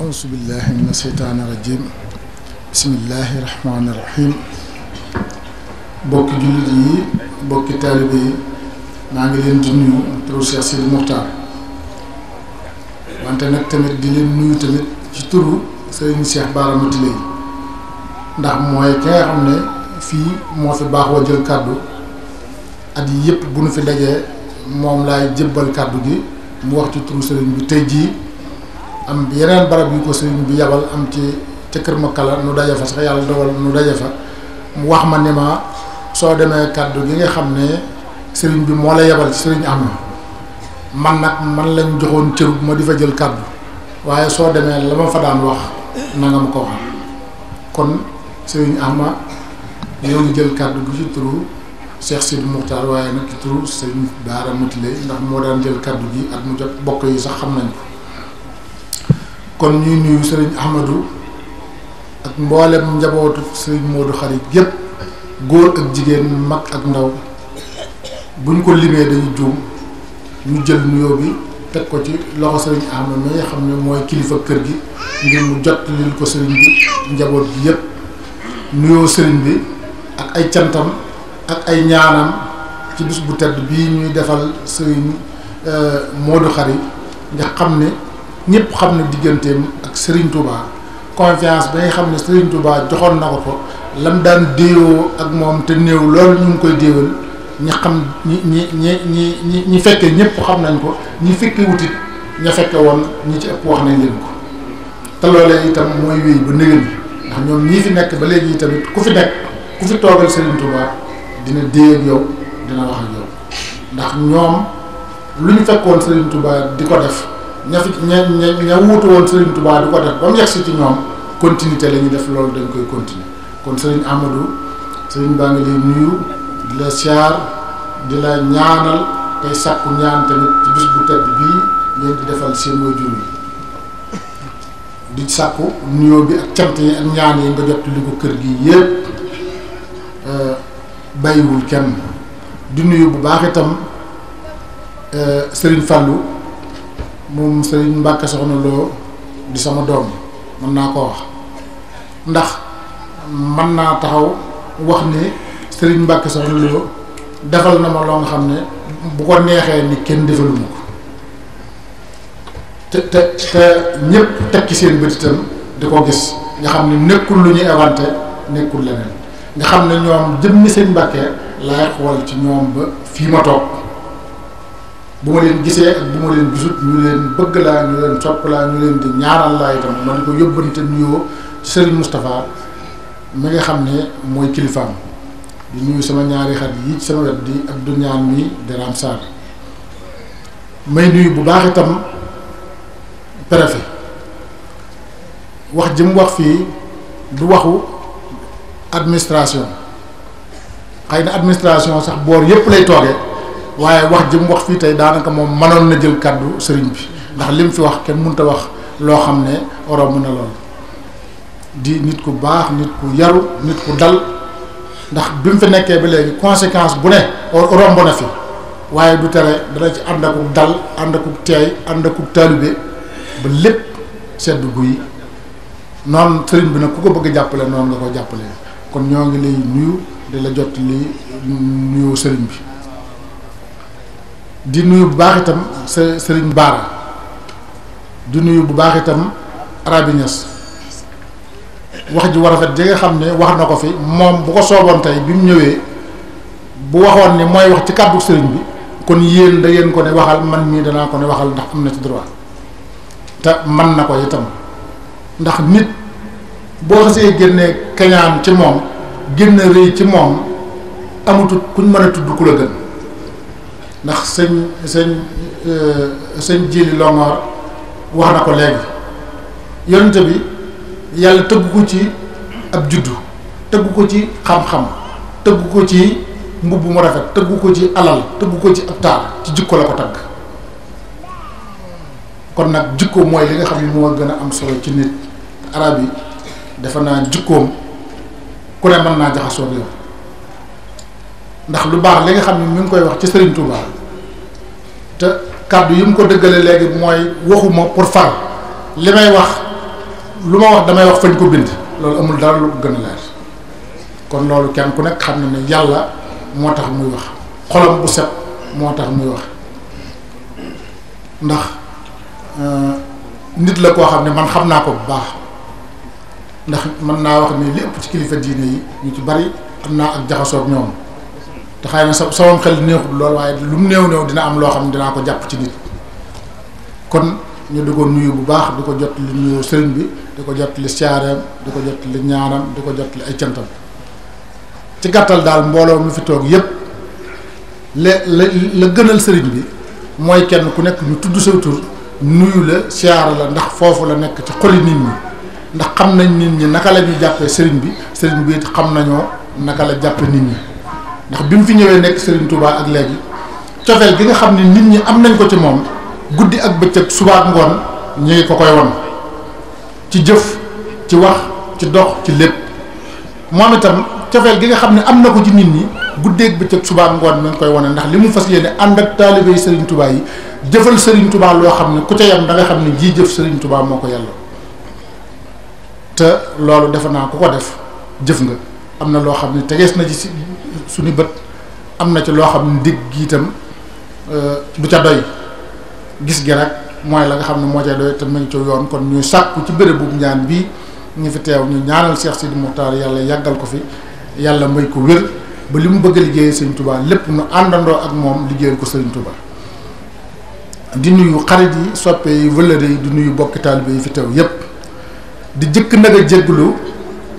أعوذ بالله من الشيطان الرجيم بسم الله الرحمن الرحيم bokki jullit yi bokki taalibe yi maa ngi leen di nuyu turu Cheikh Sidi Muxtaar wante nag tamit di leen nuyu tamit ci turu Serigne Cheikh Bara ndax mooy ka xam ne fii moo fi baaxoo jël kàddu at yi yëpp bu nu fi dajee moom laay jébbal kàddu gi mu wax ci turu Serigne bi tey jii. am yeneen barab yu ko sëriñ bi yabal am ci ci kër Makala nu daje fa sax yàlla dogal nu daje fa mu wax ma ni ma soo demee kàddu gi nga xam ne sëriñ bi moo la yabal sëriñ am na man nag man lañ joxoon cëru ma di fa jël kàddu waaye soo demee la ma fa daan wax na nga ko kon sëriñ Ahma ñoo ngi jël kàddu gi ci turu Cheikh Sidi Moukhtar waaye nag ci turu sëriñ Baara Mutile ndax moo daan jël kàddu gi ak mu jot bokk yi sax xam nañ ko. kon ñuy nuyu sëriñ Ahmadou ak mboolem njabootu sëriñ Modou xarit yépp góor ak jigéen mag ak ndaw bu ñu ko limee dañu juum ñu jël nuyoo bi teg ko ci loxo sëriñ Ahmad mi xam ne mooy kilifa kër gi ngir mu jot lil ko sëriñ bi njaboot bi yépp nuyoo sëriñ bi ak ay cantam ak ay ñaanam ci bis bu tedd bii ñuy defal sëriñ euh, Modou Khary nga xam ne ñëpp xam ne digganteem ak Serigne Touba confiance ba nga xam ne Serigne Touba joxoon na ko ko lam daan déewoo ak moom te néew loolu ñu ngi koy déewal ñi xam ñi ñi ñi ñi ñi ñi fekkee ñëpp xam nañ ko ñi fekke wutit ña fekke woon ñi ci ëpp wax nañ leen ko te loolee itam mooy wéy ba nëgën ndax ñoom ñii fi nekk ba léegi tamit ku fi nekk ku fi toogal Serigne Touba dina déey yow dina wax ak yow ndax ñoom lu ñu fekkoon Serigne Touba di ko def ña fi ña ña ña wuutu woon Serigne Touba du ko def ba mu yegsi ci ñoom continuité la ñu def loolu dañ koy continuer kon sëriñ Amadou sëriñ baa ngi lay nuyu di la siyaar di la ñaanal tey sàkku ñaan tamit ci bu tedd bii ngeen di defal seen waajur yi di sàkku nuyoo bi ak cant yi ak ñaan yi nga jot li ko kër gi yëpp euh, bàyyiwul kenn di nuyu bu baax itam euh, Serigne Fallou. moom sëriñ Mbàkke soxna loo di sama doom mën naa koo wax ndax mën naa taxaw wax ni sëriñ Mbàkke soxna loo defal na ma loo nga xam ne bu ko neexee ni kenn defalu ko te te te ñépp tekki seen bët di ko gis nga xam ne nekkul lu ñuy éventé nekkul leneen nga xam ne ñoom jëmmi seen Mbàkke laay xool ci ñoom ba fii ma toog bu ma leen gisee ak bu ma leen gisut ñu leen bëgg laa ñu leen sopp laa ñu leen di ñaaral laa itam ma di ko yóbbante nuyoo Serigne mustafa mi nga xam ne mooy kilifaam di nuyu sama ñaari xat yi ci sama wet di Abdou Ñaan mi di Ram Sarr may nuyu bu baax itam préfet wax jëm wax fii du waxu administration xëy na administration sax boor yépp lay toogee waaye wax jëm wax fii tey daanaka moom mënoon na jël kàddu sëriñ bi ndax lim fi wax kenn mënut a wax loo xam ne oroom na lool di nit ku baax nit ku yaru nit ku dal ndax bi mu fi nekkee ba léegi conséquence bu ne romb na fi waaye du tere dana ci ànd akub dal ànd akub teey ànd akub taalibe ba lépp sedd guy noonu sëriñ bi nag ku ko bëgg jàppale noonu nga ko jàppale kon ñoo ngi lay nuyu di la jot li nuyu sëriñ bi di nuyu bu baax itam sa sëriñ Baara di nuyu bu baax itam Arabi wax ji warafet a ji nga xam ne wax na ko fi moom bu ko sooboon tey bi mu ñëwee bu waxoon ni mooy wax ci kàddu sëriñ bi kon yéen da ngeen ko ne waxal man mii danaa ko ne waxal ndax am na ci droit te man na ko itam ndax nit boo xasee génnee kañaan ci moom génn rëy ci moom amatul kuñ mën a tudd ku la gën ndax sëñ sëñ euh, sëñ jili longoor wax na ko léegi yonente bi yàlla tëgg ko ci ab juddu tëgg ko ci xam-xam tëgg ko ci mbubb mu rafet tëgg ko ci alal tëgg ko ci ab taar ci jikko la ko tagg kon nag jikko mooy li nga xam ne moo gën a am solo ci nit arab yi dafa naa jikkoom ku ne mën naa jaxasoo yow ndax lu baax li nga xam ne mi ngi koy wax ci Serigne Touba te kàddu yi mu ko dëggale léegi mooy waxuma pour far li may wax lu ma wax damay wax fañ ko bind loolu amul dara lu gën a kon loolu kenn ku nekk xam ne ne yàlla moo tax muy wax xolam bu set moo tax muy wax ndax euh, nit la koo xam ne man xam naa ko bu baax ndax mën naa wax ni li ci kilifa diine yi ñu ci bari am naa ak jaxasoo ñoom. te xëy na sa sama xel neexul lool waaye lu mu neew néew dina am loo xam ne dinaa ko jàpp ci nit kon ñu di nuyu bu baax du ko jot li nuyu sëriñ bi di ko jot li siyaareem ko jot li ñaanam di ko jot ay cantam ci gàttal daal mbooloo mi fi toog yépp la gënal sëriñ bi mooy kenn ku nekk ñu tudd sa tur nuyu la siyaara la ndax foofu la nekk ci xoli nit ñi ndax xam nañ nit ñi naka la ñuy jàppee sëriñ bi sëriñ bi xam nañoo naka la jàppe nit ñi ndax bi mu fi ñëwee nekk sëriñ tubaa ak léegi cofeel gi nga xam ne nit ñi am nañ ko ci moom guddi ak bëccëg suba ak ngoon ñu ngi ko koy won ci jëf ci wax ci dox ci lépp moom itam cofeel gi nga xam ne am na ko ci nit ñi guddeeg bëccëg suba ak ngoon mi ngi koy wane ndax li mu fas yéene ànd ak taalibe yi Serigne Touba yi jëfal Serigne Touba loo xam ne ku ca yam da xam ne jii jëf Serigne tubaa moo ko yàlla te loolu defe naa ku ko def jëf nga am na loo xam ne tegees na ci suñu bët am na ci loo xam ne digg itam euh, du ca doy gis gi nag mooy la nga xam ne moo ca doy te mu ngi yoon kon ñuy sàkku ci béréb bu ñaan bii ñu fi teew ñu ñaanal Cheikh Sidi Moukhtar yàlla yàggal ko fi yàlla may ko wér ba li mu bëgg a liggéeyee Sëriñ Touba lépp nu àndandoo ak moom liggéeyal ko Sëriñ Touba di nuyu xarit yi soppe yi wëllëre yi di nuyu bokki taalibe yi fi teew yépp di jëkk nag a jégglu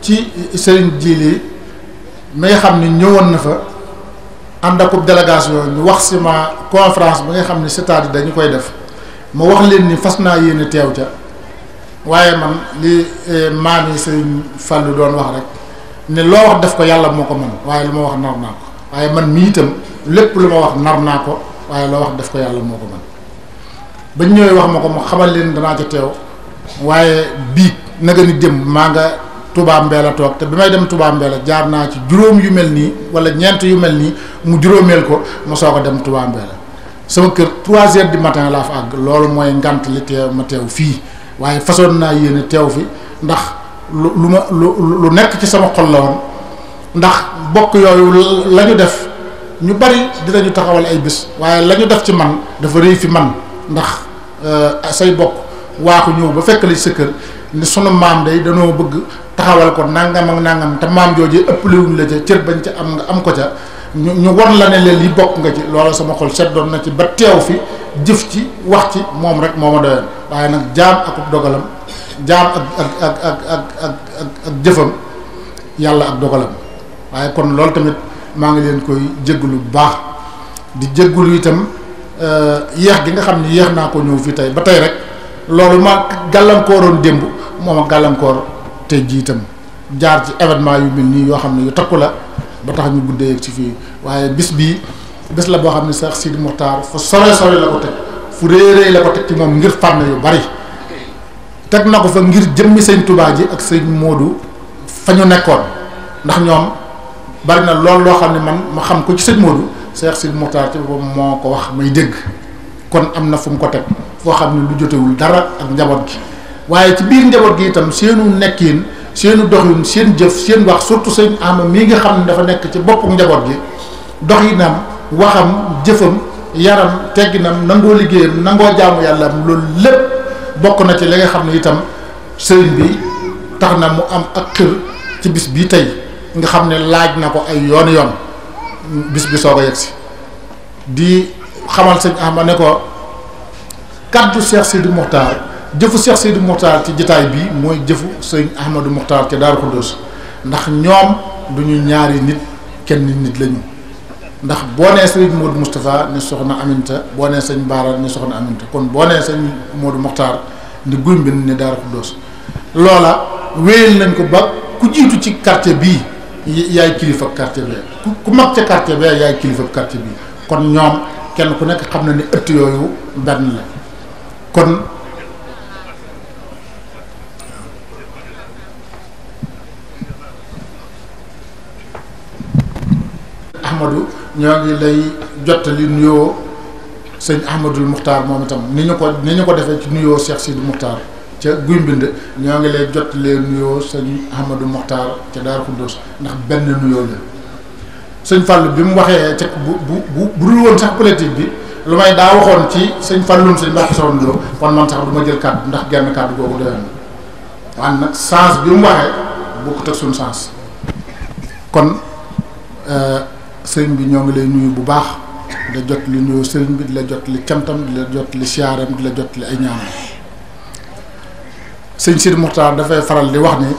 ci Sëriñ Jili mi nga xam ne ñëwoon na fa ànd akub délégation ñu wax si ma conférence bi nga xam ne stade dañu koy def mu wax leen ni fas naa yéene teew ca waaye man li eh, maam yi Sëriñ Fallu doon wax rek ne loo wax def ko yàlla moo ko mën waaye lu ma wax nar naa ko waaye man mii itam lépp lu ma wax nar naa ko waaye loo wax def ko yàlla moo ko mën bañ ñëwee wax ma ko mu xamal leen danaa ca teew waaye biig naga ni maa nga Touba Mbella toog te bi may dem Touba Mbella jaar naa ci juróom yu mel nii wala ñeent yu mel nii mu juróomeel ko ma soo a dem Touba Mbella sama kër trois heures du matin laa fa àgg loolu mooy ngant li teew ma teew fii waaye façon naa yéene teew fi ndax lu lu ma lu lu nekk ci sama xol la woon ndax bokk yooyu la ñu def ñu bari dinañu taxawal ay bés waaye lañu def ci man dafa rëy fi man ndax euh, say bokk waaxu ñëw ba fekk la sa kër li sunu maam day danoo bëgg taxawal ko nangam nàngam nangam te maam ëpp ëppalewuñ la ca cër bañ ca am nga am ko ca ñu ñu war la ne leen li bokk nga ci loolu sama xol set doon na ci ba teew fi jëf ci wax ci moom rek moo ma doyoon waaye nag jaam ak dogalam jaam ak ak ak ak ak jëfam yàlla ak dogalam waaye kon loolu tamit maa ngi leen koy jégalu bu baax di jégalu itam euh, yéex gi nga xam ni yéex naa ko ñëw fii tey ba tey rek. loolu ma gàllankooroon démb moom gàllankoor te jiitam jaar ci événement yu mel nii yoo xam ne yu takku la ba tax ñu guddee ci fii waaye bis bii bis la boo xam ne sax Sidi Muxtaar fa sore sore la ko teg fu rëy rëy la ko teg ci moom ngir fànn yu bari teg na ko fa ngir jëmmi seen Tuubaa yi ak sëñ Moodu fa ñu nekkoon ndax ñoom bari na lool loo xam ne man ma xam ko ci sëñ Moodu Seex Sidi Muxtaar ci boppam moo ko wax may dégg kon am na fu mu ko teg foo xam ne lu jotewul dara ak njaboot gi waaye ci biir njaboot gi itam seenu nekkin seenu doxin seen jëf seen wax surtout seen ama mii nga xam ne dafa nekk ci boppu njaboot gi dox nam waxam jëfam yaram tegginam nangoo liggéeyam nangoo jaamu yàlla am loolu lépp bokk na ci li nga xam ne itam sëriñ bi tax na mu am ak xër ci bis bii tey nga xam ne laaj na ko ay yoon yoon bis bi soog a yegsi di xamal sëñ Ahmad ne ko kaddu Cheikh Sidi Mokhtar jëfu Cheikh Sidi Mokhtar ci jataay bi mooy jëfu sëñ Ahmadou Mokhtar ca ko Xudoos ndax ñoom du ñu ñaari nit kenn nit lañu ndax boo nee sëñ Modou Moustapha ne soxna Aminta boo nee sëñ Baara ne soxna Aminta kon boo nee sëñ Modou Mokhtar ni guy mbind ne Daaru Xudoos loola wéyal nañ ko ba ku jiitu ci quartier bii yaay kilifa quartier bi ku mag ca quartier bi yaay kilifa quartier bii kon ñoom kenn ku nekk xam na ni ëtt yooyu benn la kon ahmadu ñoo ngi lay jottali nuyoo sëñ ahmadul muxtaar moom itam ni ñu ko ni ñu ko defee ci nuyoo Cheikh Sidi Muxtaar ca guy mbind ñoo ngi lay jottalee nuyoo sëñ ahmadul muxtaar ca Daaru Xuddoos ndax benn nuyoo la sëñ Fallou bi mu waxee ca bu bu bu dul woon sax politique bi lu may daa waxoon ci sëñ Falloum sëñ Mbacke Sow Ndiob kon man sax du jël kàddu ndax genn kàddu googu doyoon na waaye nag sens bi mu waxee bokkut ak euh, bi ñoo ngi lay nuyu bu baax di jot li nuyu sëriñ bi di la jot li cantam di la jot li siyaaram di la jot ay ñaanam sëñ Sidi Muxtaar dafay faral di wax ni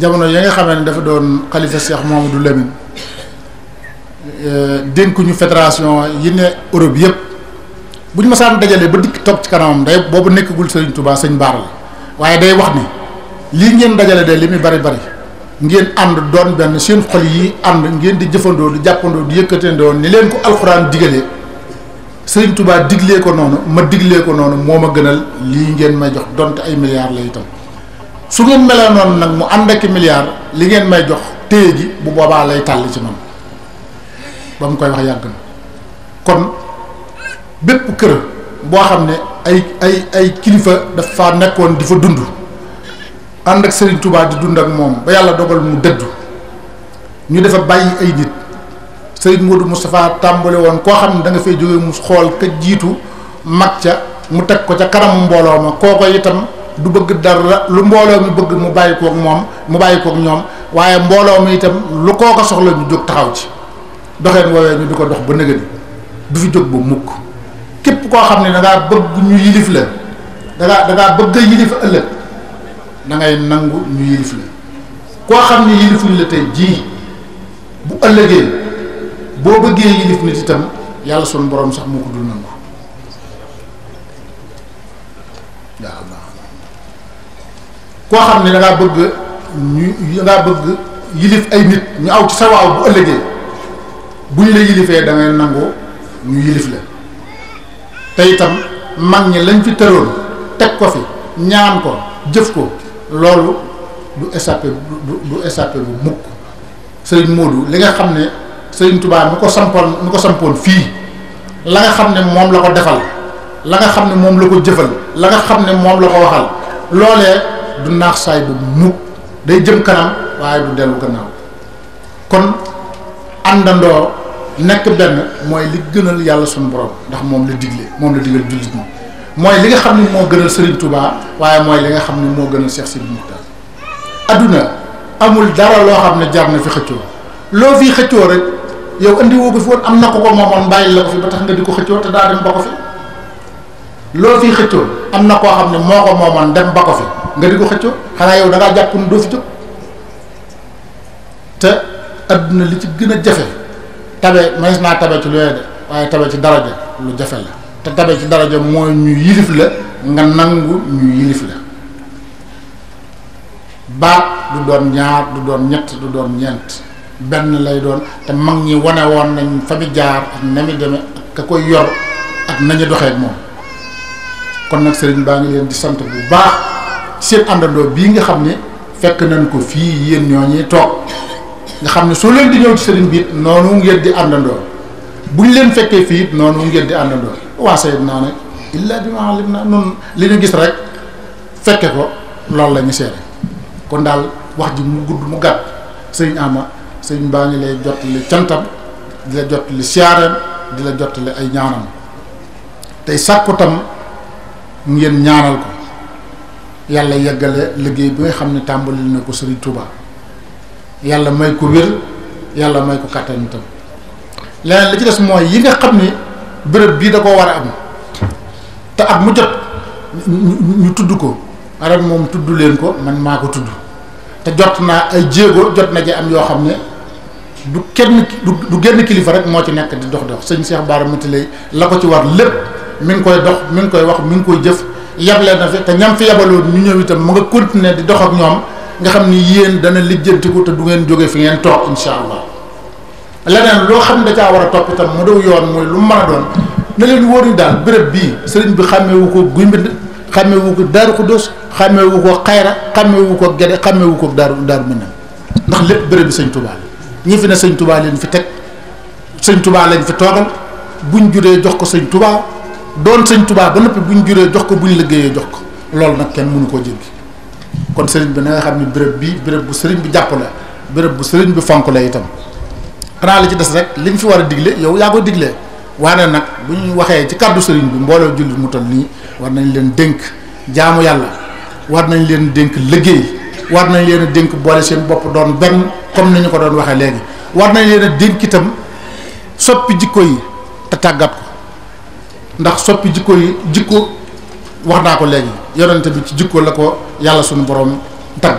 jamono yi nga xamee ne dafa doon xalifa moom du Lamine. Euh, dénkuñu fédération yi ne Europe yëpp bu masaan dajalee ba dikk toog ci kanamam day boobu nekkagul Serigne Touba sëñ Baar la waaye day wax ni lii ngeen dajale de li muy bari bari ngeen ànd doon benn seen xol yi ànd ngeen di jëfandoo di jàppandoo di yëkkatandoo ni leen ko alxuraan digalee Serigne Touba diglee ko noonu ma diglee ko noonu moo ma gënal lii ngeen may jox donte ay milliards la itam su ngeen melee noonu nag mu ànd ak milliards li ngeen may jox téye gi bu boobaa lay tàll ci man. ba mu koy wax yàgg na kon bépp kër boo xam ne ay ay ay kilifa dafa nekkoon di fa dund ànd ak Serigne Touba di dund ak moom ba yàlla dogal mu dëddu ñu dafa bàyyi ay nit Serigne Modou Moustapha tàmbale woon koo xam ne danga nga jóge mu xool ka jiitu mag ca mu teg ko ca kanamu mbooloo ma kooko itam du bëgg dara lu mbooloo mu bëgg mu bàyyi kook moom mu bàyyi kook ñoom waaye mbooloo mi itam lu koo kooko soxla ñu jóg taxaw ci doxeen woowee ñu di ko dox ba nëgëni du fi jóg ba mukk képp koo xam ne da ngaa bëgg ñu yilif la da ngaa bëgg yilif nangu ñu xam ne yilifuñ la tey boo bëggee yàlla sunu borom sax moo ko xam ne da ngaa ay nit ñu aw ci sa bu ëllëgee. buñ la yilifee da ngay nangoo ñu yilif la te itam mag ñi lañ fi tëroon teg ko fi ñaan ko jëf ko loolu du échappé du échappé bu mukk sëriñ Modou li nga xam ne sëriñ tubaab mu ko sampoon mu ko sampoon fii la nga xam ne moom la ko defal la nga xam ne moom la ko jëfal la nga xam ne moom la ko waxal loolee du naax saay bu mukk day jëm kanam waaye du dellu gannaaw kon àndandoo nekk benn mooy li gënal yàlla suñu borom ndax moom la digle moom la digal jullit moom mooy li nga xam ne moo gënal Serigne Touba waaye mooy li nga xam ne moo gënal Cheikh Sidi Moukhtar amul dara loo xam ne jar na fi xëccoo loo fii xëccoo rek yow andi woo ko fi am na ko ko moomoon bàyyi la ko fi ba tax nga di ko xëccoo te daa dem ba ko fi loo fii xëccoo am na koo xam ne moo ko moomoon dem ba ko fi nga di ko xëccoo xanaa yow da ngaa jàpp ne doo fi jóg adduna li ci gën a jafe tabe mais naa tabe ci lu de waaye tabe ci daraja lu jafe la te tabe ci daraja mooy ñu yilif la nga nangu ñu yilif la baat du doon ñaar du doon ñett du doon ñeent benn lay doon te mag ñi wane woon nañ fa mi jaar ak na mi demee ak ka koy yor ak nañu doxee moom kon nag sëriñ baa ngi leen di sant bu baax seen àndandoo bii nga xam ni fekk nañ ko fii yéen ñoo ñuy toog nga xam ne soo leen di ñëw ci sëriñ bi noonu ngeen di àndandoo buñ leen fekkee fii it noonu ngeen di àndandoo waa sayid naa nag illaa bi ma alim naa noonu li ñu gis rek fekke ko loolu la ñu seere kon daal wax ji mu gudd mu gàtt sëriñ ama sëriñ baa ngi lay jottali cantam di la jottali siyaareem di la jottali ay ñaanam tey sàkku tam ngeen ñaanal ko yàlla yeggale liggéey bi nga xam ne tàmbali na ko sëriñ Touba. yàlla may ko wér yàlla may ko kàttan itam leneen li ci des mooy yi nga xam ni bërëb bii da koo war a am te ak mu jot ñu tudd ko ren moom tudd leen ko man maa ko tudd te jot naa ay jéego jot na ci am yoo xam ne du kenn du génn kilifa rek moo ci nekk di dox dox sëñ Cheikh Bara Mati lay la ko ci war lépp mu ngi koy dox mu ngi koy wax mi ngi koy jëf yable na fi te ñam fi yabaloon ñu ñëw itam mu nga continuer di dox ak ñoom nga xam ni yéen dana lijjantiku te du ngeen jóge fi ngeen toog insha allah leneen loo xam ne da war a topp itam mu daw yoon mooy lu mu mën a doon na leen wóor ni daal bërëb bii sëriñ bi xàmmewu ko guy mbind xàmmewu ko daaru xuddos xàmmewu ko xayra xàmmewu ko gede xàmmewu ko daaru daaru minam ndax lépp béréb bi sëñ tubaa la ñi fi ne sëñ tubaa leen fi teg sëñ tubaa lañ fi toogal buñ juree jox ko sëñ tubaa doon sëñ tubaa ba noppi buñ juree jox ko buñ liggéeyee jox ko loolu nag kenn mënu koo jéggi kon sëriñ bi na xam ne béréb bi bërëb bu sëriñ bi jàpp la bërëb bu sëriñ bi fonk la itam xanaa li ci des rek liñ fi war a digle yow yaa koy digle waane nag bu ñu waxee ci kàddu sëriñ bi mbooloo jullit mu toll nii war nañ leen dënk jaamu yàlla war nañ leen dénk liggéey war nañ leen a dénk boole seen bopp doon benn comme ni ñu ko doon waxee léegi war nañ leen a dénk itam soppi jikko yi te tàggat ko ndax soppi jikko yi jikko wax naa ko léegi yonente bi ci jikko la ko yàlla suñu boroom tagg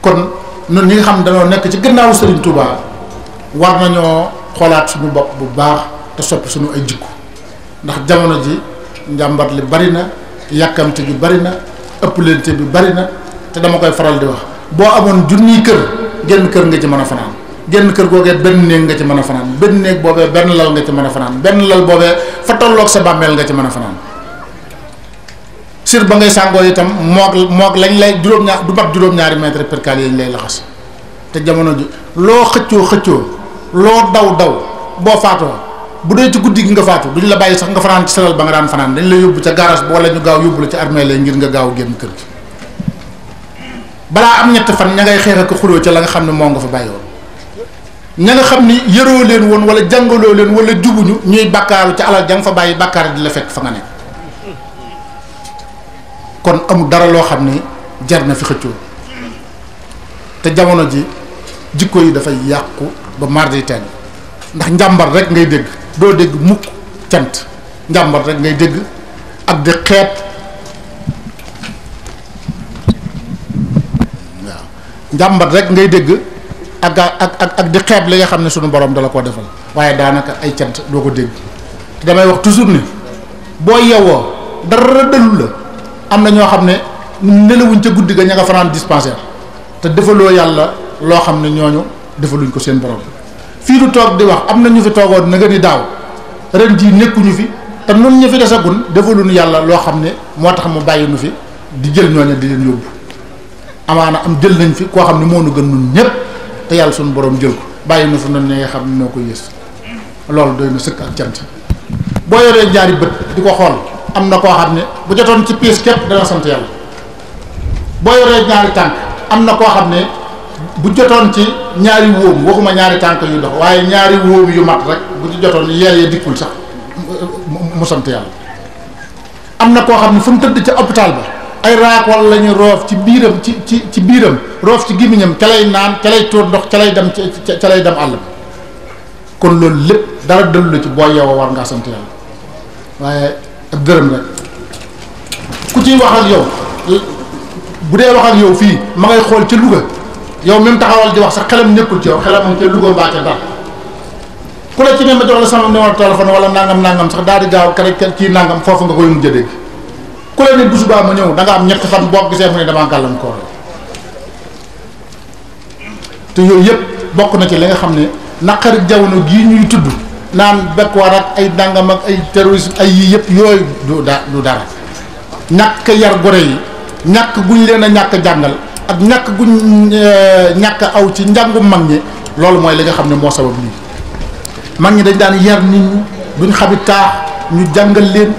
kon ñun ñi nga xam dañoo nekk ci gannaaw Serigne Touba war nañoo xoolaat sumu bopp bu baax te soppi suñu ay jikko ndax jamono ji njàmbat li bari na yàkkamte bi bari na ëpplente bi bari na te dama koy faral di wax boo amoon junniy kër genn kër nga ci mën a fanaan genn kër googee benn néeg nga ci mën a fanaan benn néeg boobee benn lal nga ci mën a fanaan benn lal boobee fa tolloog sa bàmmeel nga ci mën a fanaan sër ba ngay sàngoo itam moog moog lañ lay juróom-ñaar du mag juróom-ñaari mètre per calier lañ lay laxas te jamono ji loo xëccoo xëccoo loo daw daw boo faatoo bu dee ci guddi gi nga faatu duñ la bàyyi sax nga fanaan ci salal ba nga daan fanaan dañ la yóbbu ca garage ba wala ñu gaaw yóbbu la ci armée lay ngir nga gaaw génn kër gi balaa am ñett fan ña ngay xeex ak xuloo ca la nga xam ne moo nga fa bàyyi woon ña nga xam ni yëroo leen woon wala jàngaloo leen wala jubuñu ñuy bàkkaaru ci alal ja fa bàyyi bàkkaar di la fekk fa nga kon amul dara loo xam ni jar na fi xëccoo te jamono ji jikko yi dafay yàqu ba mardi teen ndax njàmbar rek ngay dégg doo dégg mukk cant njàmbar rek ngay dégg ak di xeeb rek ngay dégg ak ak ak ak di xeeb li nga xam ne sunu borom dala koo defal waaye daanaka ay cant doo ko dégg te damay wax toujours ni boo yewoo dara dëllu la am na ñoo xam ne nelawuñ ca guddi ga ña nga fanaan dispensaire te defaloo yàlla loo xam ne ñooñu defaluñ ko seen borom fii du toog di wax am na ñu fi toogoon na nga ni daaw ren jii nekkuñu fi te nun ñu fi desagun defaluñu yàlla loo xam ne moo tax mu bàyyi nu fi di jël ñooñu di leen yóbbu amaana am jël nañ fi koo xam ne moo nu gën nun ñépp te yàlla suñu borom jël ko bàyyi nu fi noonu ñi nga xam ne noo ko yées loolu doy na sëkk ak cant boo yoree ñaari bët di ko xool am na koo xam ne bu jotoon ci piis képp dana sant yàlla boo yoree ñaari tànk am na koo xam ne bu jotoon ci ñaari wóom waxuma ñaari tànk yu dox waaye ñaari wóom yu mat rek bu jotoon yeel ya dikkul sax mu sant yàlla am na koo xam ne fu mu tëdd ca hôpital ba ay raak wala la ñu roof ci biiram ci ci ci biiram roof ci gémmiñam ca lay naan ca lay tuur ndox ca lay dem ca lay dem àll ba kon loolu lépp dara dëllu la ci boo yeewoo war ngaa sant yàlla waaye ak dërëm rek ku ciy wax ak yow bu dee wax ak yow fii ma ngay xool ca Louga yow même taxawal ji wax sax xelam nekkul ci yow xelam moom ca Louga mbaa ca Ndar ku la ci ne ma jox la sama numéro téléphone wala nangam nàngam sax daal di gaaw kare kii nangam foofu nga koy mujj jë dégg ku la ne bu subaa ma ñëw danga am ñetti fan boo gisee mu ne damaa gàllankoor te yooyu yëpp bokk na ci li nga xam ne naqari jamono gii ñuy tudd. naan bekkuwaar ak ay dàngam ay terrorisme ay yii yëpp yooyu du da du dara ñàkk yar gore yi ñàkk guñ leen a ñàkk jàngal ak ñàkk guñ euh, ñàkk aw ci njàngu mag ñi loolu mooy li nga xam ne moo sabab lii mag ñi dañ daan yar nit ñi duñ xabi ñu jàngal leen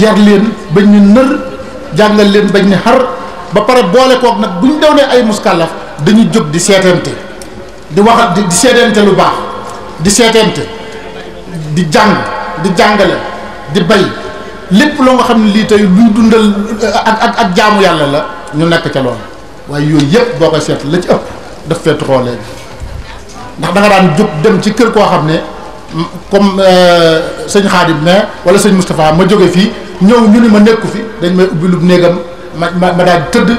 yar leen bañ ñu nër jàngal leen bañ ni xar ba pare boole kook nag bu ñu daw ne ay muskàllaf dañu jóg di seetante di waxat di seetante lu baax di seetante di jàng di jàngale di bay lépp loo nga xam ne lii tey luy dundal eh, ak ak jaamu yàlla la ñu nekk ca loolu waaye yooyu yëpp boo koy seet la ci ëpp daf fee tuxoo léegi ndax danga daan jóg dem ci kër koo xam ne comme eh, sëñ Xaadim ne wala sëñ Moustapha ma jóge fii ñëw ñu ni ma nekku fi dañ may ubbi lub néegam ma ma daal tëdd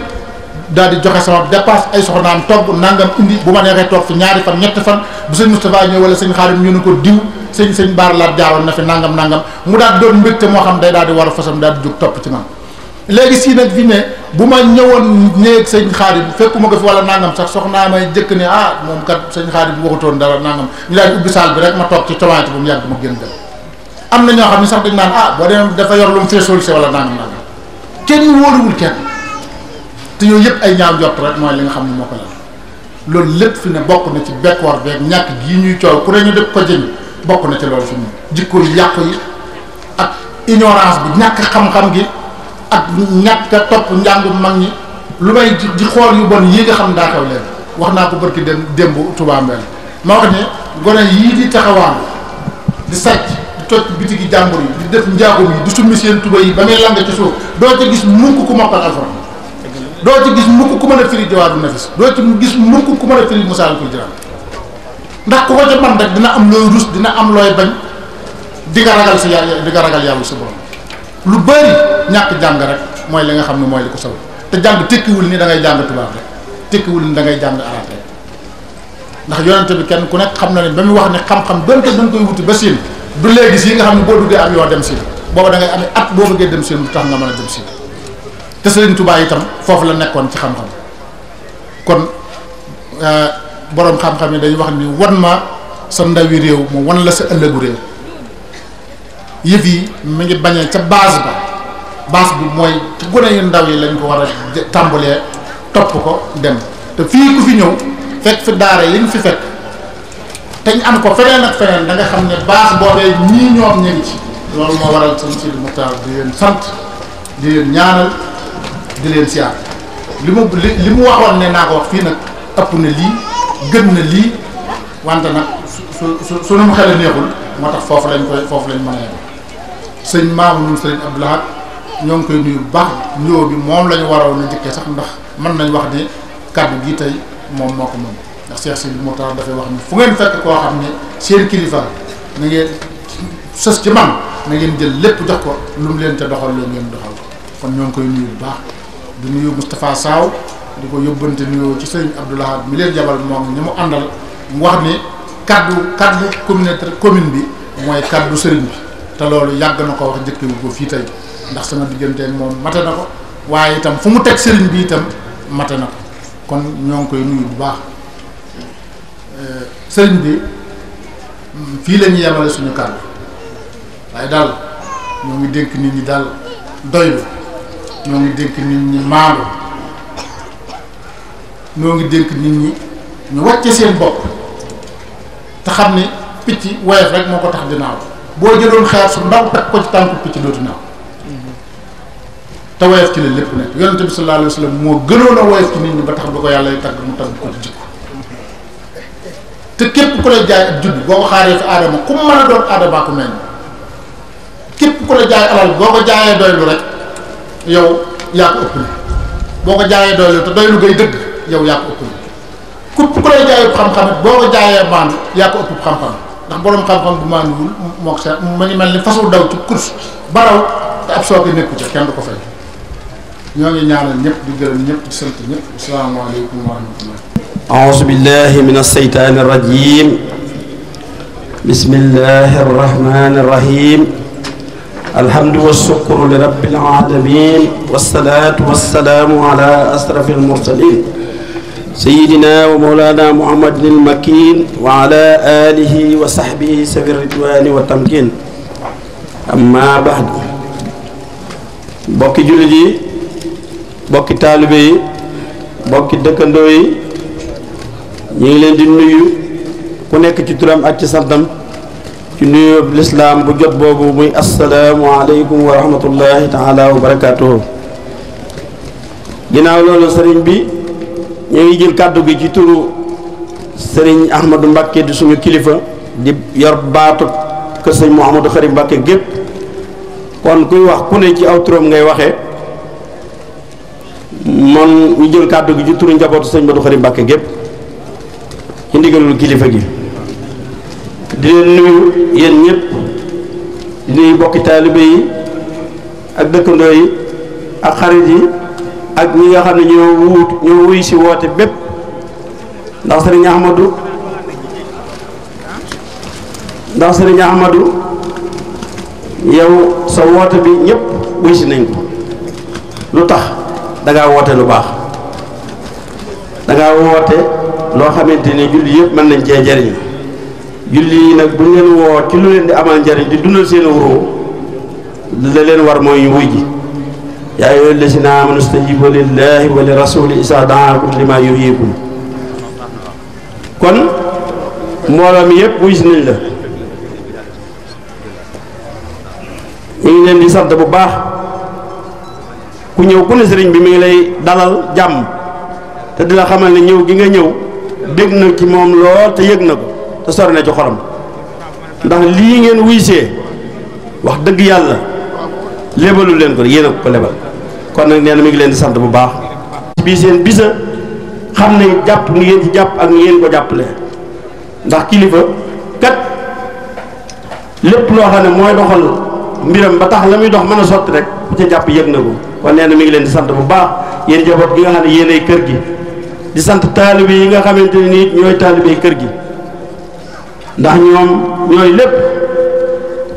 daal di joxe sama dépasse ay soxnaam togg nangam indi bu ma neexee toog fi ñaari fan ñetti fan bu sëñ Moustapha ñëw wala sëñ Xaadim ñu ne ko diw sëñ sëñ Baara Laat jaaroon na fi nangam nangam mu daal doon mbégte moo xam day daal di war a fasam daal di si nag fi bu ma ñëwoon néeg sëñ Xaadim fekk ma ko fi wala nangam sax soxnaa may jëkk ne ah moom kat sëñ Xaadim waxutoon dara nangam ñu daal di ubbi saal bi rek ma toog ci comaati bu mu yàgg ma gën dem am na ñoo xam ne sax dañ naan ah boo demee dafa yor lu mu feesool si wala nangam nangam kenn wóoruwul kenn te yooyu yëpp ay ñaaw jot rek mooy li nga xam ne moo ko la loolu lépp fi ne bokk na ci bekkoor beeg ñàkk gii ñuy coow ku reñu def ko jëñ bokk na ci loolu fi mu jikko yu yàqu yi ak ignorance bi ñàkk xam-xam gi ak ñàkk a topp njàngum mag ñi lu may di xool yu bon yii nga xam daa xew leen wax naa ko barki dem démb Touba Mbel ma wax ne gone yii di taxawaan di sàcc di toj bitigi jàmbur yi di def njaagum yi di summi seen tuba yi ba muy lang ci suuf doo doo ci gis mukk ku mën a firi jawaadu nafis doo ci gis mukk ku mën a firi musaalikul jinaan ndax ku ko ca man rek dina am looy rus dina am looy bañ di nga ragal si yàlla di ragal yàlla si borom lu bëri ñàkk jàng rek mooy li nga xam ne mooy li ko sabab te jàng tekkiwul nii dangay ngay jàng tubaab rek tekkiwul ni da ngay jàng arab rek ndax yonente bi kenn ku nekk xam na ne ba mu wax ne xam-xam donte dañ koy wuti ba siin du léegi si nga xam ne boo duggee am dem siin booba da ngay amee at boo bëggee dem siin lu tax nga mën a dem siin te Sëriñ Tuubaa itam foofu la nekkoon ci xam-xam kon euh, boroom xam-xam yi dañuy wax ni wan ma sa ndawi réew mu wan la sa ëllëgu réew yëf yi mu ngi bañee ca base ba base bi mooy ci gone yu ndaw yi lañ ko war a tàmbalee topp ko dem te fii ku fi ñëw fekk fi daara yi ñu fi fekk te ñu am ko feneen ak feneen da xam ne boo boobee ñii ñoom ñu ci loolu moo waral sëñ Sidi Muxtaar di leen sant di ñaanal di leen siyaar li ma li mu waxoon ne naa ko wax fii nag ëpp na lii gën na lii wante nag su su su mu xel neexul moo tax foofu lañ koy foofu lañ mën a yem sëñ Mamoune sëñ Abdou Lahad ñoo koy nuyu bu baax nuyoo bi moom lañu ñu waroon a njëkkee sax ndax mën nañ wax ne kàddu gi tey moom moo ko moom ndax Cheikh Sidi Moutar dafay wax ni fu ngeen fekk koo xam ne seen kilifa na ngeen sës ci man na ngeen jël lépp jox ko lu mu leen te doxal leen ngeen doxal ko kon ñoo ngi bu baax. di nuyu Moustapha Saaw di ko yóbbante nuyoo ci sëñ Abdoulahad mi leen jabal moom ñi mu àndal mu wax ni kaddu kaddu communauté commune bi mooy kaddu sëriñ bi te loolu yàgg na ko wax njëkkewu ko fii tey ndax sama digganteeg moom mate na ko waaye itam fu mu teg sëriñ bi itam mate na ko kon ñoo ngi koy nuyu bu baax euh, sëriñ bi mm, fii la ñu yemale suñu kàddu waaye daal ñoo ngi dénk nit ñi daal doylu ñoo ngi dénk nit ñi maandu ñoo ngi dénk nit ñi ñu wàcce seen bopp te xam ne picc woyof rek moo ko tax dinaaw boo jëloon xeer su ndaw teg ko ci tànku picc dootu naaw te woyof ci la lépp nekk yonente bi sallallahu alayhi wa moo gënoon a woyof ci nit ñi ba tax bu ko yàlla tagg mu tagg ko ci jikko te képp ku la jaay ak boo ko xaaree fi aadama ku mën a doon aadamaa ko meññ képp ku la jaay alal boo ko jaayee doylu rek yow yaa ko ëppale boo ko jaayee doylu te doylu ngay dëgg yow yaa ko ëppale ku ku lay jaayee xam-xam boo ko jaayee maandu yaa ko ëpp xam-xam ndax boroom xam-xam bu maanduwul moo ko seet ma ngi mel ni fasul daw ci course baraw te ab sooke nekku ci kenn du ko fay ñoo ngi ñaanal ñëpp di gërëm ñëpp di sant ñëpp asalaamaaleykum wa rahmatullah أعوذ بالله من الشيطان الرجيم بسم الله الرحمن الرحيم alhamdu wasukru li rabbil alamin wassalaatu wassalaamu ala ashraf almursalin sayidina wa mawlana muhammadin almakin wa ala alihi wa sahbihi sawi ridwani wa tamkin amma ba'du bokki jullit yi bokki taalibe yi bokki dëkkandoo yi ñu ngi leen di nuyu ku nekk ci turam ak ci santam ci nuyoo lislaam bu jot boobu muy asalaamualeykum wa rahmatullahi taala wa barakaatuhu ginnaaw loolu sëriñ bi ñu ngi jël kàddu gi ci turu sëriñ Ahmadu Mbàkke di suñu kilifa di yor baatu kër sëñ Mouhamadou Xari Mbàkke gépp kon kuy wax ku ne ci aw turam ngay waxe man ñu jël kàddu gi ci turu njabootu sëñ Mouhamadou Xari Mbàkke gépp ci ndigalul kilifa gi di leen nuyu yéen ñëpp di nuyu bokki taalibe yi ak dëkkandoo yi ak xarit yi ak ñi nga xam ne ñoo wuut ñoo wuy si woote bépp ndax sëriñ Ahmadou ndax sëriñ Ahmadou yow sa woote bi ñëpp wuy si nañ ko lu tax da woote lu baax danga woote loo xamante ni julli yëpp mën nañ cee jëriñ julli yi nag bu ñu leen woo ci lu leen di amal njariñ di dundal seen wuroo la leen war mooy wuy ji yaa ayyuha allazina amanu stajibu lillahi wa li rasuli isa daakum lima yuhyikum kon mbooloo mi yëpp wuy si nañ la ñu ngi leen di sant bu baax ku ñëw ku ne sëriñ bi mi ngi lay dalal jàmm te di la xamal ne ñëw gi nga ñëw dégg na ci moom lool te yëg na ko te sori na ci xolam ndax lii ngeen wuysee wax dëgg yàlla lébalu leen ko yéen a ko lebal kon nag nee na mi ngi leen di sant bu baax bii seen bisa xam ne jàpp ni ngeen ci jàpp ak ni ngeen ko jàppale ndax kilifa kat lépp loo ne mooy doxal mbiram ba tax la muy dox mën sotti rek bu jàpp yëg na ko kon nee na mi ngi leen di sant bu baax yéen jaboot gi nga xam ne yéenay kër gi di sant taalibe yi nga xamante ne nii ñooy taalibe kër gi ndax ñoom yooyu lépp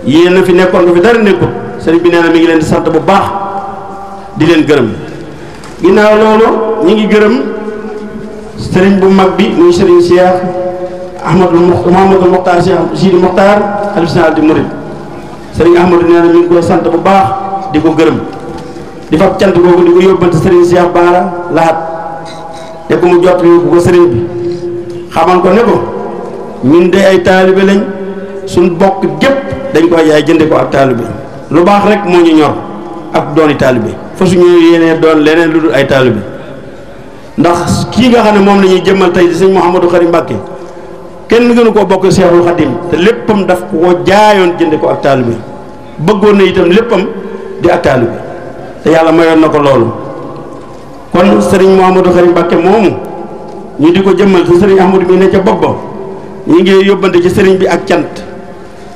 yéen a fi nekkoon lu fi dara nekkut sëriñ bi nee mi ngi leen di sant bu baax di leen gërëm ginnaaw loolu ñu ngi gërëm sëriñ bu mag bi muy sëriñ Cheikh Ahmadou Mouhamadou Mokhtar Cheikh Sidi Mokhtar xalifa na mi ngi sant bu baax di ko gërëm di fab cant googu di ko yóbbante sëriñ Cheikh Baara Lahat te ku mu jot ko sëriñ bi xamal ko ne ko. ñun de ay taalibe lañ suñ bokk gépp dañ ko jaay jënde ko ak taalibe lu baax rek moo ñu ñor ak dooni taalibe fa suñu yéenee doon leneen lu dul ay taalibe ndax kii nga xam ne moom la ñuy jëmmal tey di sëñ Mouhamadou Khary Mbacké kenn gënu koo bokk Seexul Xadim te léppam daf koo jaayoon jënde ko ak taalibe bëggoon na itam léppam di ak taalibe te yàlla mayoon na ko loolu kon sëriñ Mouhamadou Khary Mbacké moomu ñu di ko jëmmal te sëriñ Ahmadou mi ne ca bopp ba ñu ngi yóbbante ci sëriñ bi ak cant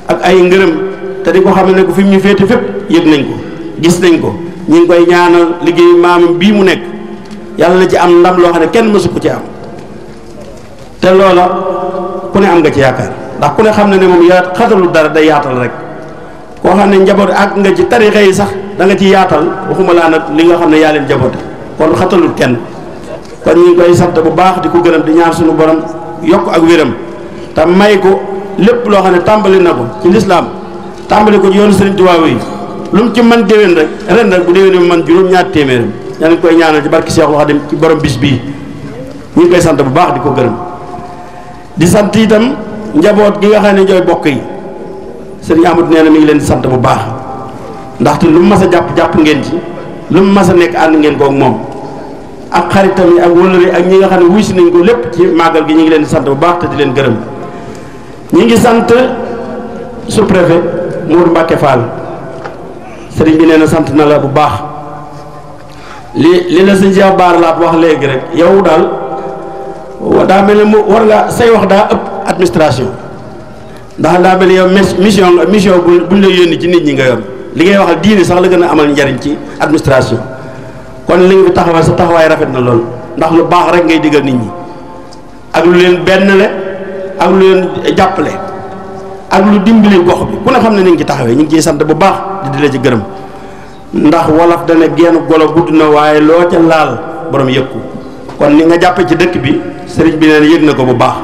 ak ay ngërëm te di ko xam ne ko fi ñu féete fépp yëg nañ ko gis nañ ko ñu ngi koy ñaanal liggéey maamam bii mu nekk yàlla na ci am ndam loo xam ne kenn mësu ko ci am te loola ku ne am nga ci yaakaar ndax ku ne xam ne ne moom yaa xatalu dara day yaatal rek koo xam ne njaboot ak nga ci tarixa yi sax danga nga ci yaatal waxuma laa li nga xam ne yàlla leen jaboote kon xatalul kenn kon ñu ngi koy sant bu baax di ko gërëm di ñaan suñu borom yokk ak wéram te may ko lépp loo xam ne tàmbali na ko ci lislaam tàmbali ko ci yoonu Sëriñ Tuubaa yi lu mu ci man déwén rek ren rek bu déwénee man juróom ñaar téeméeram yaa koy ñaanal ci barki Seexul dem ci borom bis bii ñu ngi koy sant bu baax di ko gërëm di sant itam njaboot gi nga xam ne ñooy bokk yi sëriñ Amadou nee na mi ngi leen di sant bu baax ndaxte lu mu mas a jàpp jàpp ngeen ji lu mu mas a nekk ànd ngeen koog moom ak xaritam yi ak wëllëre ak ñi nga xam ne wuy si nañ ko lépp ci màggal gi ñu ngi leen di sant bu baax te di leen gërëm. ñi ngi sant sous-préfet Mour Mbacke Fall sëriñ bi nee sant na la bu baax li li la sëñ Cheikh Bara Laat wax léegi rek yow daal daa mel ne mu war nga say wax daa ëpp administration ndax daa mel ne yow mission nga mission bu buñ la yónni ci nit ñi nga yor li ngay waxal diine sax la gën a amal njariñ ci administration kon li nga fi taxawal sa taxawaay rafet na lool ndax lu baax rek ngay digal nit ñi ak lu leen benn le ak lu leen jàppale ak lu dimbali gox bi ku ne xam ne ni ngi ci taxawee ñu ngi ciy sant bu baax di di la ci gërëm ndax wolof dana geenu golo gudd na waaye loo ca laal boroom yëg ko kon ni nga jàppe ci dëkk bi sëriñ bi neen yëg na ko bu baax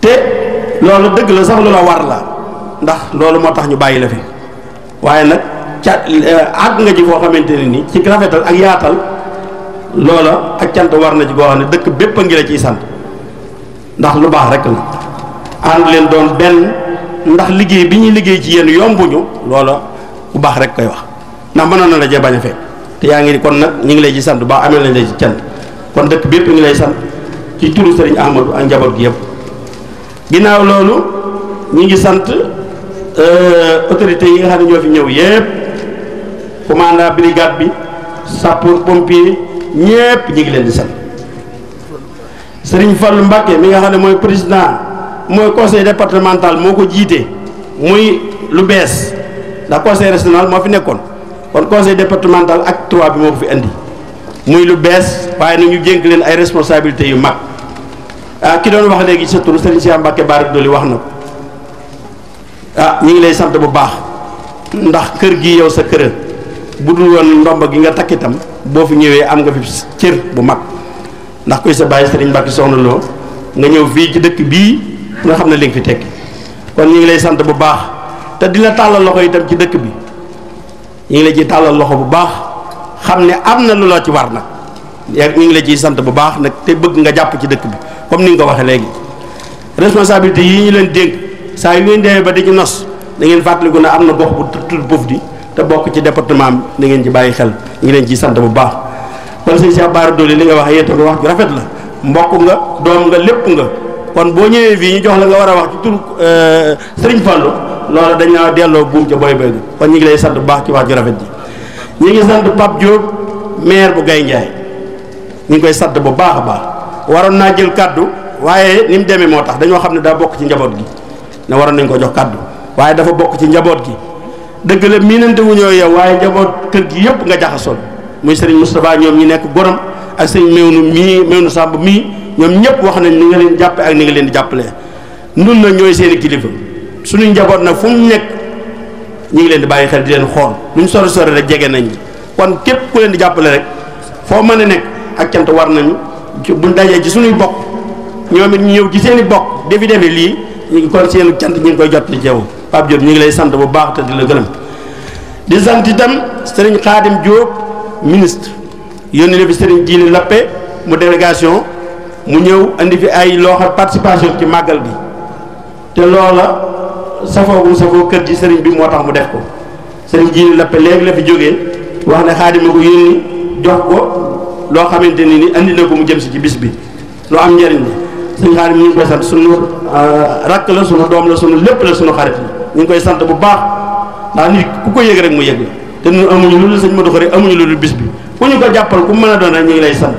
te loolu dëgg la sax lu la war la ndax loolu moo tax ñu bàyyi la fi waaye nag ca eh, àgg nga ci koo xamante ne ni ci rafetal ak yaatal loola ak cant war na ci koo xam ne dëkk bépp a ngi la ciy sant ndax lu baax rek la ànd leen doon benn ndax liggéey bi ñuy liggéey ci yéen yombuñu loola bu baax rek koy wax ndax mënoon la jee bañ a fekk te yaa ngi kon nag ñu ngi lay ci sant baax amee lañ lay ci kon dëkk bépp ngi lay sant ci turu Serigne Ahmadou ak njaboot gi yëpp ginnaaw loolu ñu ngi sant euh, autorités yi nga xam ne ñoo fi ñëw yëpp commandant brigade bi sapeur pompier ñëpp ñu ngi leen di sant. Serigne Fallou Mbacké mi nga xam ne mooy président mooy conseil départemental moo ko jiite muy lu bees ndax conseil régional moo fi nekkoon kon conseil départemental ak trois bi moo ko fi indi muy lu bees waaye na ñu jénk leen ay responsabilités yu mag ah ki doon wax léegi sa tur Serigne Cheikh Mbacké Bara Dolly wax na ko ah ñu ngi lay sant bu baax ndax kër gi yow sa kër bu dul woon ndomba gi nga takk itam boo fi ñëwee am nga fi cër bu mag. ndax kuy sa bàyyi sëriñ Mbàkke soxna loo nga ñëw fii ci dëkk bii nga xam ne li nga fi tekki kon ñu ngi lay sant bu baax te dina la tàllal loxo itam ci dëkk bi ñu ngi lay ciy tàllal loxo bu baax xam ne am na lu la ci war nag ñu ngi la ciy sant bu baax nag te bëgg nga jàpp ci dëkk bi comme ni nga ko waxee léegi responsabilité yi ñu leen dénk saa yu ngeen demee ba di ci nos da ngeen fàttaliku ne am na gox bu tudd Pofdy te bokk ci département bi da ngeen ci bàyyi xel ñu ngi leen ciy sant bu baax kon sëñ Cheikh Bara Dolly li nga wax yéen ko wax ju rafet la mbokk nga doom nga lépp nga kon boo ñëwee fii ñu jox la nga war a wax ci tur euh, Serigne Fallou loolu dañ naa delloo buum ca boy boy kon ñu ngi lay sant bu baax ci wax ju rafet ji ñu ngi sant Pape Diop maire bu Gaye ñu ngi koy sant bu baax a baax waroon naa jël kàddu waaye ni mu demee moo tax dañoo xam ne daa bokk ci njaboot gi ne waroon nañ ko jox kàddu waaye dafa bokk ci njaboot gi dëgg la miinante yow waaye njaboot kër gi yëpp nga jaxasoon muy sëriñ Moustapha ñoom ñi nekk gorom ak sëriñ nu mii Mewnu Samb mii ñoom ñëpp wax nañ ni nga leen jàppe ak ni nga leen di jàppalee nun na ñooy seen i kilifa suñu njaboot nag fu mu nekk ñu ngi leen di bàyyi xel di leen xool luñ sori sori rek jege nañ kon képp ku leen di jàppale rek foo mën a nekk ak cant war nañu buñ dajee ci suñuy bokk ñoom it ñu ñëw ci seen bokk defi defi lii ñu ngi kon seen cant ñu ngi koy jot ci yow Pape Diop ñu ngi lay sant bu baax te di la gërëm ministre yónni na fi Serigne Djili Lappé mu délégation mu ñëw indi fi ay loo xam participation ci màggal bi te loola safoo bu safoo kër gi Serigne bi moo tax mu def ko Serigne Djili Lappé léegi la fi jógee wax ne xaadima ko yónni jox ko loo xamante ni ni indi na ko mu jëm si ci bis bi lu am njëriñ la suñu xaadim ñu ngi koy sant suñu euh, rakk la suñu doom la suñu lépp la suñu xarit la ñu ngi koy sant bu baax ndax nit ku ko yëg rek mu yëg la te ñun amuñu lu dul sëñ Modou Khoury amuñu lu dul bis bi ku ñu ko jàppal ku mën a doon rek ñu ngi lay sant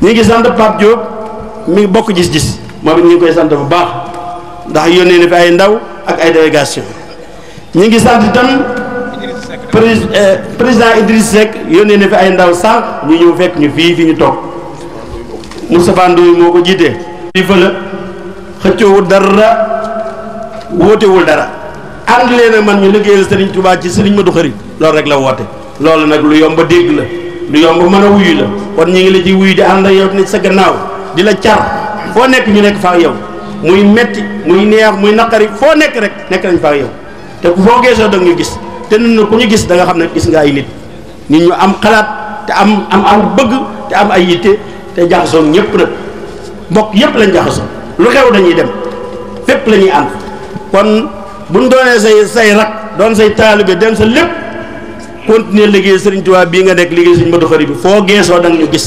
ñu ngi sant Pape Diop mi bokk gis-gis moom it ñu koy sant bu baax ndax yónnee ne fi ay ndaw ak ay délégation ñu ngi sant itam eh, président Idriss Seck yónnee na fi ay ndaw sànq ñu ñëw fekk ñu fii fi ñu toog Moustapha Ndoye moo ko jiitee fii fa la xëccoowul dara wóotewul dara ànd leen ak man ñu liggéeyal Serigne Touba ci Serigne Modou Khari loolu rek la woote loolu nag lu yomb a dégg la lu yomb mën a wuyu la kon ñu ngi la ci wuyu di ànd ak yow nit sa gannaaw di la car foo nekk ñu nekk faa yow muy metti muy neex muy naqari foo nekk rek nekk nañ faa yow te foo geesoo da ñu gis te nun na ku ñu gis danga xam ne gis nga ay nit nit ñu am xalaat te am am am bëgg te am ay yitte te jaxasoo ñëpp nag mbokk yëpp lañ jaxasoo lu xew dañuy la ñuy ànd bu ñu doonee say say rak doon say taalibe dem sa lépp continuer liggéey sëriñ Tuubaa bii nga nekk liggéey sëriñ Modou Khari bi foo geesoo da nga ñu gis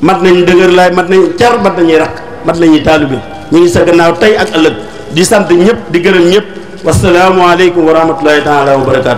mat nañu dëgër laay mat nañu car mat nañuy rak mat nañuy taalibe ñu ngi sa gannaaw tey ak ëllëg di sant ñëpp di gërëm ñëpp wasalaamualeykum wa rahmatullahi taala wa barakaatu